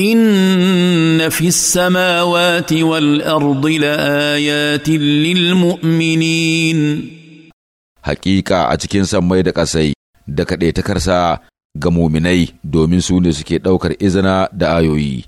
ان في السماوات والارض لايات للمؤمنين Haƙiƙa, a cikin sammai da ƙasai da kaɗaitakarsa ga muminai domin su ne suke ɗaukar izina da ayoyi